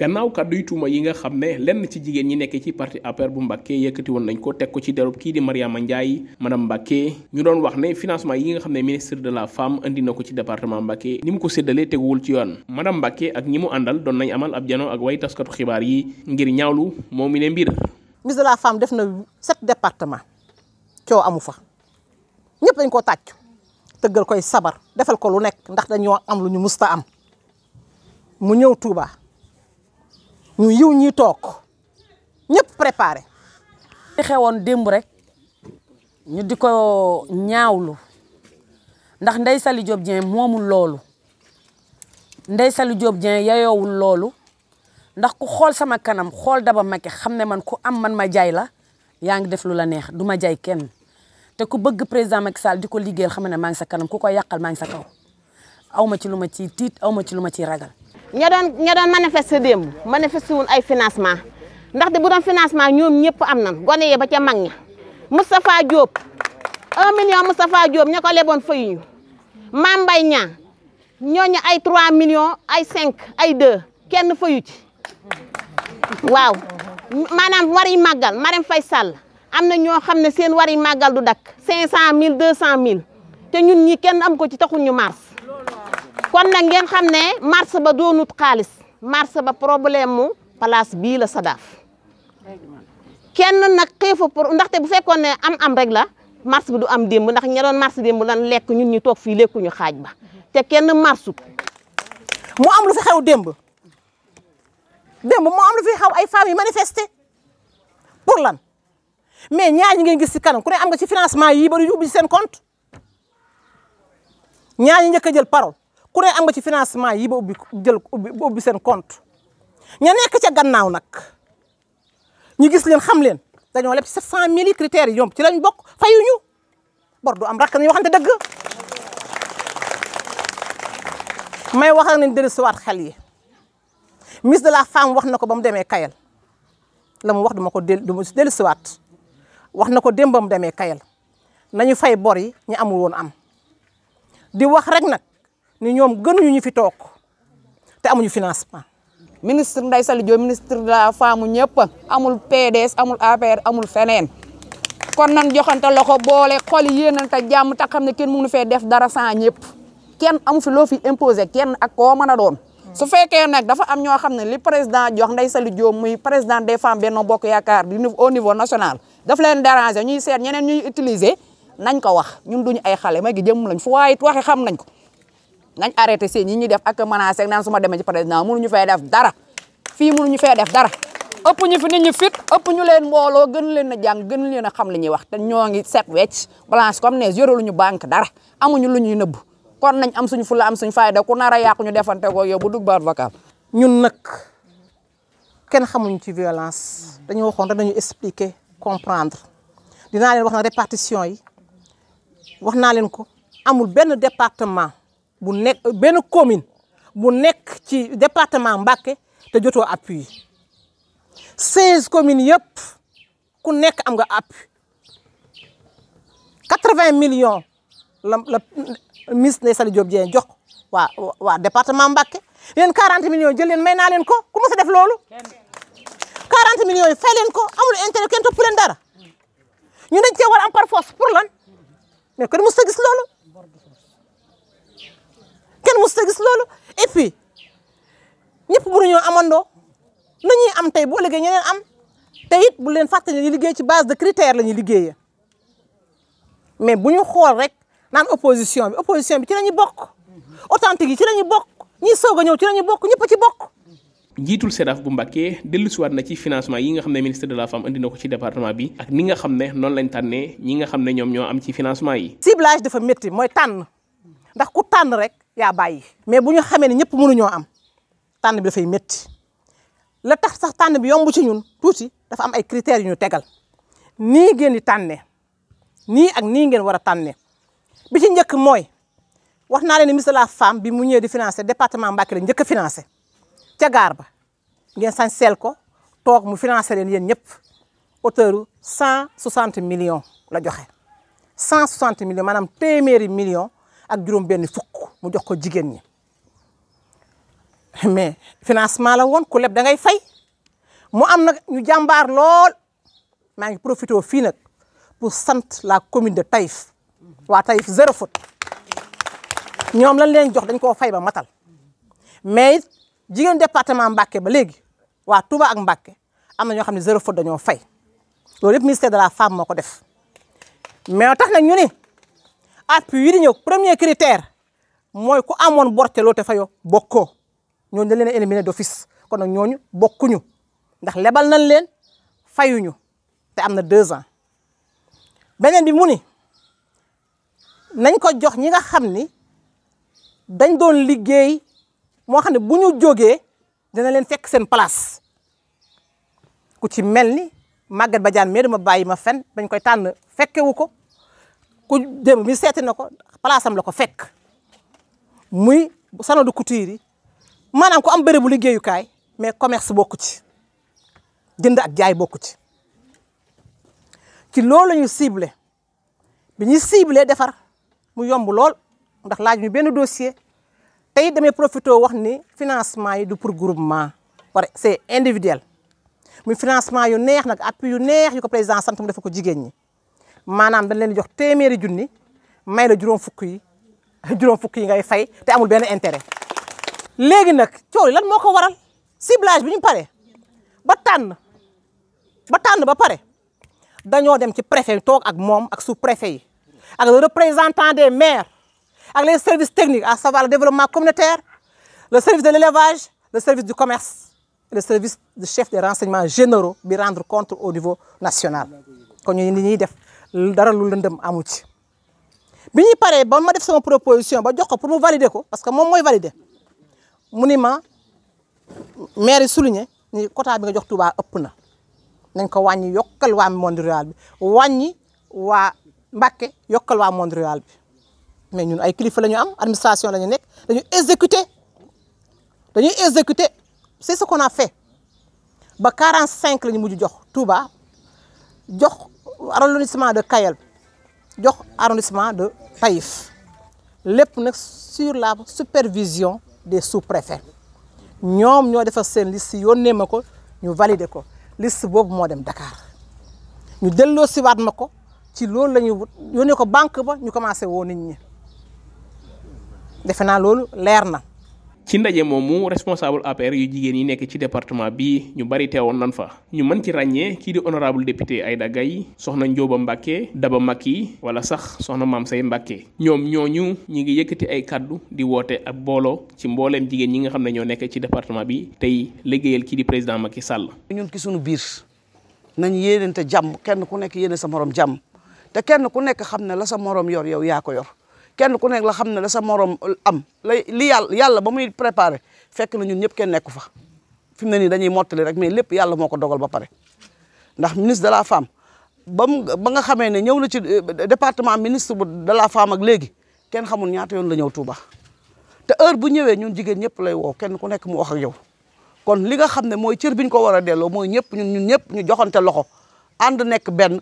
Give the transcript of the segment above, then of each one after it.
gannaaw kàdduy tuuma yi nga xam ne lenn ci jigéen ñi nekkee ci parti APR bu Mbàkke yëkkati woon nañ ko teg ko ci derub kii di Mariama Ndiaye madame Mbàkke ñu doon wax ne financement yi nga xam ne ministre de la femme indi na ko ci département Mbàkke ni mu ko séddalee teguwul ci yoon madame Mbàkke ak ñi mu àndal doon nañ amal ab jano ak way taskatu xibaar yi ngir ñaawlu moom mi ne mbir ministre de la femme def na sept département coow amu fa ñëpp dañ koo tàcc tëggal koy sabar defal ko lu nekk ndax dañoo am lu ñu musta mu ñëw ñu yiw ñuy toog ñëpp préparé li xewoon démb rek ñu di ko ñaawlu ndax Ndeye Saly Diop Dieng moomul loolu Ndeye Saly Diop Dieng yayoowul loolu ndax ku xool sama kanam xool Daba Macky xam ne man ku am man ma jaay la yaa ngi def lu la neex du ma jaay kenn te ku bëgg président Macky Sall di ko liggéeyal xam ne maa ngi sa kanam ku ko yàqal maa ngi sa kaw aw ma ci lu ma ciy tiit aw ma ci lu ma ciy ragal ña doon ña doon manifester démb manifester ay financement ndaxte bu doon financement ñoom ñëpp am nan gone yee ba ca mag ña Moustapha Diop 1 million Moustapha Diop ña ko leboon fayuñu Mame Mbaye Niang ñooñu ay 3 millions ay cinq ay 2 kenn fayu ci waaw maanaam i màggal Marème fay Sall am na ñoo xam ne seen wari màggal du dakk cent 200000 te ñun ñi kenn am ko ci taxul ñu mars kon nag ngeen xam ne marché ba doonut kaalis marché ba problème mu place bii la Sadaf kenn nag xiifu pour ndaxte bu fekkoon ne am-am rek la marché bi du am démb ndax ña doon marché démb lan lekk ñun ñu toog fii lekkuñu xaaj ba te kenn marché mu am lu fi xew démb démb mu am lu fi xew ay femmes yi manifesté pour lan mais ñaar ñi ngeen gis si kanam ku ne am nga ci financement yii ba du yóbbu ci seen compte ñaar ñi njëkk a jël parole ku ne am nga ci financement yi ba ubbi jël ubbi ba ubbi seen compte ña nekk ca gannaaw nag ñu gis leen xam leen dañoo leb ci 700000 yi critères yi yomb ci lañ bokk fayuñu bor du am rakk nañu waxante dëgg may wax ak nañ dellu siwaat xel yi ministre de la femme wax na ko ba mu demee Kayel la mu wax duma ko del du ma dellu siwaat wax na ko démb ba mu demee Kayel nañu fay bor yi ñu amul woon am di wax rek nag ni ñoom gënuñu ñu fi toog te amuñu financement. ministre Ndeye Saly Diop ministre de la femme ñëpp amul PDS amul APR amul feneen kon nan joxante loxo boole xol yéenante jàmm te xam ne kenn mënu fee def dara sans ñëpp kenn amu fi loo fi imposé ken ak koo mën a doon. su fekkee nag dafa am ñoo xam ne li président jox Ndeye Saly joom muy président des femmes Benno Bokk Yaakaar du au niveau national daf leen déranger ñuy seet ñeneen ñuy utiliser nañ ko wax ñun duñu ay xale ma gi jëm lañ fu waaye it waxe xam nañ ko. nañ arrêté seen ñi ñuy def ak menacé naan su ma demee ci président mënuñu fay def dara fii mënuñu fay def dara ëpp ñu fi nit ñi fit ëpp ñu leen mbooloo gën leen a jàng gën leen a xam li ñuy wax te ñoo ngi set wecc blanche comme neige yoralu ñu banque dara amuñu lu ñuy nëbbu kon nañ am suñu fula am suñu de ku nara a yàqu ñu defante ko yow bu dug baat vocal ñun nag kenn xamuñu ci violence dañu waxoon rek dañu expliquer comprendre dinaa leen wax na répartition yi wax naa leen ko amul benn département bu nekk benn commune bu nekk ci département Mbacké te jotoo appui 16 communes yëpp ku nekk am nga appui 80 millions la la ministre Ndèye Saly Diop Dieng jox waa waa département Mbacké leen 40 millions jël leen may naa leen ko ku mës def loolu 40 millions yi fay leen ko amul intérêt kenn topp leen dara ñu dañ cee am par force lan mais kon mës a gis loolu mos a gis loolu et puis ñëpp mënuñoo amandoo na ñuy am tey boo liggéey ñeneen am te it bu leen fàtte ñu liggéey ci base de critère la ñuy liggéeyee mais bu ñu xool rek naan opposition bi opposition bi ci la ñu bokk authentique yi ci la ñu bokk ñi soog ñëw ci la ñu bokk ñëpp ci bokk. njiitul SEDAF bu Mbàkke dellusiwaat na ci financement yi nga xam ne ministre de la femme indi na ko ci département bi ak ni nga xam ne noonu lañ tànnee ñi nga xam ne ñoom ñoo am ci financement yi. ciblage dafa métti mooy tànn ndax ku tànn rek. yaa bàyyi mais bu ñu xamee ne ñëpp ñoo am tànn bi fay métti la tax sax tànn bi yomb ci ñun tuuti dafa am ay critères yu ñu tegal nii ngeen di tànnee nii ak nii ngeen war a tànnee bi ci njëkk mooy wax naa leen ne ministre la femme bi mu ñëwee di financé département Mbacké la njëkk financé ca gaar ba ngeen sañ ko toog mu financé leen yéen ñëpp auteur cent soixante million la joxe cent soixante millions maanaam téeméeri millions ak juróom-benn fukk mu jox ko jigéen ñi mais financement la woon ku leb da ngay fay mu am nag ñu jàmbaar lool maa ngi profité fii nag pour sant la commune de Taïf waa Taïf zéro faute ñoom lañ leen jox dañ koo fay ba matal mais jigéen département Mbacké ba léegi waa Touba ak Mbacké am na ñoo xam ne zéro faute dañoo fay loolu yëpp ministère de la femme moo ko def mais tax na ñu appui yi di ñëw premier critère mooy ku amoon borteloo te fayoo bokkoo ñooñu dañ leen a éliminé d'office kon nag ñooñu bokkuñu ndax lebal nañ leen fayuñu te am na deux ans beneen bi mu ni nañ ko jox ñi nga xam ni dañ doon liggéey moo xam ne bu ñu jógee dana leen fekk seen place ku ci mel ni Maguette Badiane mais dama bàyyi ma fen dañ koy tànn fekkewu ko ku démb mi seeti na ko place am la ko fekk muy salon de couture yi maanaam ku am bërëbu liggéeyukaay mais commerce bokku ci jënd ak jaay bokku ci ci loolu la cible bi ñuy ciblé defar mu yombu lool ndax laaj ñu benn dossier tey damay profité wax ni financement yi du pour groupement pare c'est individuel muy financement yu neex nag appui yu neex yi ko président sant mu def ko jigéen ñi. maanaam dañ leen jox téeméeri junni may la juróom fukk yi juróom fukki yi ngay fay te amul benn intérêt. léegi nag coow lan moo ko waral ciblage bi ñu pare ba tànn ba tànn ba pare dañoo dem ci préfet toog ak moom ak su préfet yi ak le représentant des maires ak les service technique à savoir le développement communautaire le service de l'élevage le service du commerce. le service de chef des renseignements généraux bi rendre compte au niveau national kon ñu li ñuy def dara lu lëndëm amu ci bi ñu paree ba ma def sama proposition ba jox ko pour mu valider ko parce que moom mooy valider mu ni ma maire yi souligné ni quota bi nga jox Touba ëpp na nañ ko wàññi yokkal waa monde rural bi wàññi waa Mbacké yokkal waa monde rural bi mais ñun ay kilifa la ñu am administration la ñu nekk dañu exécuter dañuy exécuter c'est ce qu'on a fait ba 45 la ñu mujj jox Touba jox. arrondissement de Kayel jox arrondissement de Taïf lépp nag sur la supervision des sous-préfets ñoom ñoo defar seen liste yónnee ma ko ñu valider ko liste boobu moo dem Dakar ñu delloo siwaat ma ko ci loolu la ñu wut yónnee ko banque ba ñu commencé woo nit ñi defe naa loolu leer na. ci ndaje moomu responsable APR yu jigéen yi nekk ci département bi ñu bari teewoon nan fa ñu mën ci ràññee kii di honorable député ay Gaye soxna Njóoba Mbàkke Daba yi wala sax soxna Maam Say Mbàkke ñoom ñooñu ñi ngi yëkkati ay kàddu di woote ak booloo ci mbooleem jigéen ñi nga xam ne ñoo nekk ci département bi tey liggéeyal kii di président Macky Sall ñun ki suñu biir nañ yéenante jàmm kenn ku nekk yéene sa morom jàmm te kenn ku nekk xam ne la sa morom yor yow yaa ko yor kenn ku nekk la xam ne la sa morom am lay li yàlla yàlla ba muy préparé fekk na ñëpp kenn nekku fa fi mu ne nii dañuy mottali rek mais lépp yàlla moo ko dogal ba pare ndax ministre de la femme ba mu ba nga xamee ne ñëw na ci euh, département ministre bu de la femme ak léegi kenn xamul ñaata yoon la ñëw Touba te heure bu ñëwee ñun jigéen ñëpp lay woo kenn ku nekk mu wax ak yow kon li nga xam ne mooy cër bi ñu ko war a delloo mooy ñëpp ñun ñun ñëpp ñu joxante loxo ànd nekk benn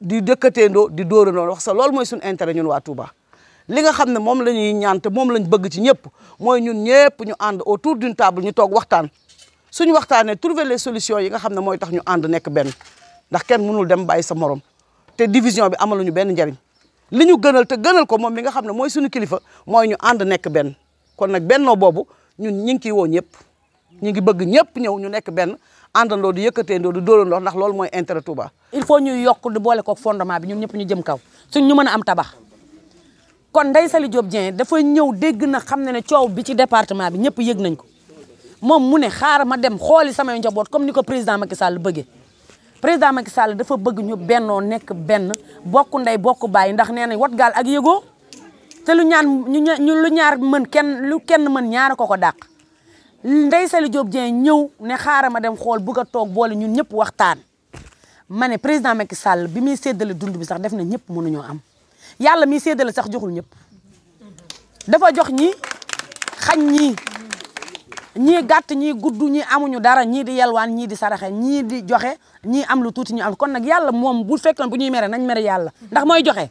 di doo di dóorandoo wax sa lool mooy suñu intérêt ñun waa Touba li nga xam ne moom la ñuy ñaan te moom lañ bëgg ci ñëpp mooy ñun ñëpp ñu ànd autour d'une table ñu toog waxtaan suñu waxtaanee trouver les solutions yi nga xam ne mooy tax ñu ànd nekk benn ndax kenn mënul dem bàyyi sa morom te division bi ñu benn njariñ li ñu gënal te gënal ko moom mi nga xam ne mooy suñu kilifa mooy ñu ànd nekk benn kon nag benno boobu ñun ñi ngi ciy woo ñëpp ñu ngi bëgg ñëpp ñëw ñu nekk benn àndandoo di yëkkateendoo di dóorandoo ndax loolu mooy intérêt Touba. il faut ñuy yokk di boole ko fondement bi ñun ñëpp ñu jëm kaw ñu mën a am tabax. kon ndey Saly Diop Dieng dafa ñëw dégg na xam ne ne coow bi ci département bi ñëpp yëg nañ ko moom mu ne xaaral ma dem xooli samay njaboot comme ni ko président Macky Sall bëggee président Macky Sall dafa bëgg ñu bennoo nekk benn bokku ndey bokku bàyyi ndax nee na wat gaal ak yëgoo te lu ñaan ñu lu ñaar mën kenn lu kenn mën ñaar ko ko dàq Ndeye Saly Diop Dieng ñëw ne xaaral ma dem xool bëgg a toog boole ñun ñëpp waxtaan ma ne président Macky Sall bi muy séddale dund bi sax def na ñëpp mënuñoo am yàlla mi séddale sax joxul ñëpp dafa jox ñi xañ ñii ñii gàtt ñii gudd ñii amuñu dara ñii di yelwaan ñii di saraxe ñii di joxe ñii am lu tuuti ñu am kon nag yàlla moom bu fekkoon bu ñuy mere nañ mere yàlla ndax mooy joxe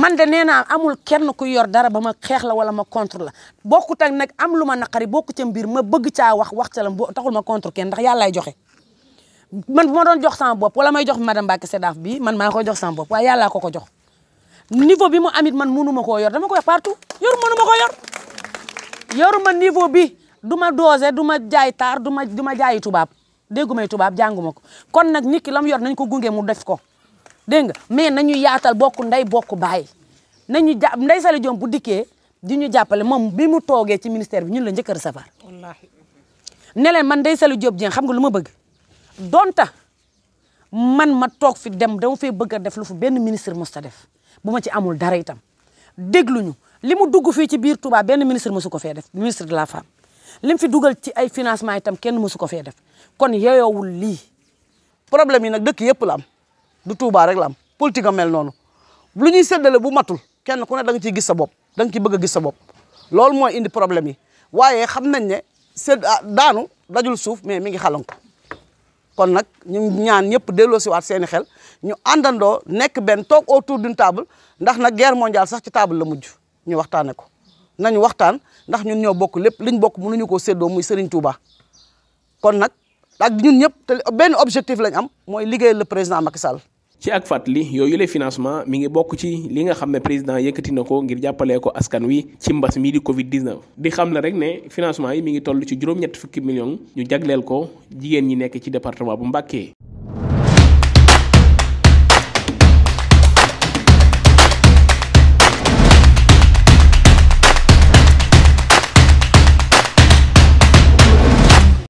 man de nee naa amul kenn ku yor dara ba ma xeex la wala ma contre la bokkut ak nag am lu ma naqari bokku ca mbir ma bëgg caa wax wax ca la taxul ma contre kenn ndax yàllaay joxe man bu ma jox sama bopp wala may jox madame kese Sedaf bi man maa koy jox sama bopp waaye laa ko ko jox niveau bi mu amit man munu ma koo yor dama ko yor partout yoru munu ma koo yor yoruma niveau bi du ma doose du ma jaay taar du ma du ma jaayi tubaab déggu tubaab jàngu ko kon nag nit ki la mu yor nañ ko gunge mu def ko dégg nga mais nañu yaatal bokk ndey bokk baay nañu ja Ndeye sali Diop bu dikkee di ñu jàppale moom bi mu toogee ci ministère bi ñun la njëkkër safar ne leen man Ndeye Saly Diop Dieng xam nga lu ma bëgg donta man ma toog fi dem dama fee bëgg a def lu fu benn ministre mos ta def bu ma ci amul dara itam dégluñu li mu dugg fii ci biir Touba benn ministre mosu ko fee def ministre de la femme li mu fi dugal ci ay financement itam kenn mosu ko fee def kon yeyoowul lii problème yi nag dëkk yëpp la am du Touba rek la am politique a mel noonu lu ñuy séddale bu matul kenn ku ne da nga ciy gis sa bopp da nga ciy bëgg a gis sa bopp loolu mooy indi problème yi waaye xam nañ ne sédd ah, daanu dajul suuf mais mi ngi xalanko kon nag ñu ñaan ñëpp delloosiwaat seen seeni xel ñu àndandoo nekk benn toog autour d'une table ndax nag guerre mondiale sax ci table la mujj ñu waxtaane ko nañu waxtaan ndax ñun ñoo bokk lépp liñ bokk ñu ko séddoo muy Serigne Touba kon nag ak ñun ñëpp te benn objectif lañ am mooy liggéey le président Macky Sall ci ak fàttali yooyu le financement mi ngi bokk ci li nga xam ne président yëkkati na ko ngir jàppalee ko askan wi ci mbas mii di Covid 19. di xam ne rek ne financement yi mi ngi toll ci juróom-ñett fukki millions ñu jagleel ko jigéen ñi nekk ci département bu mbakkee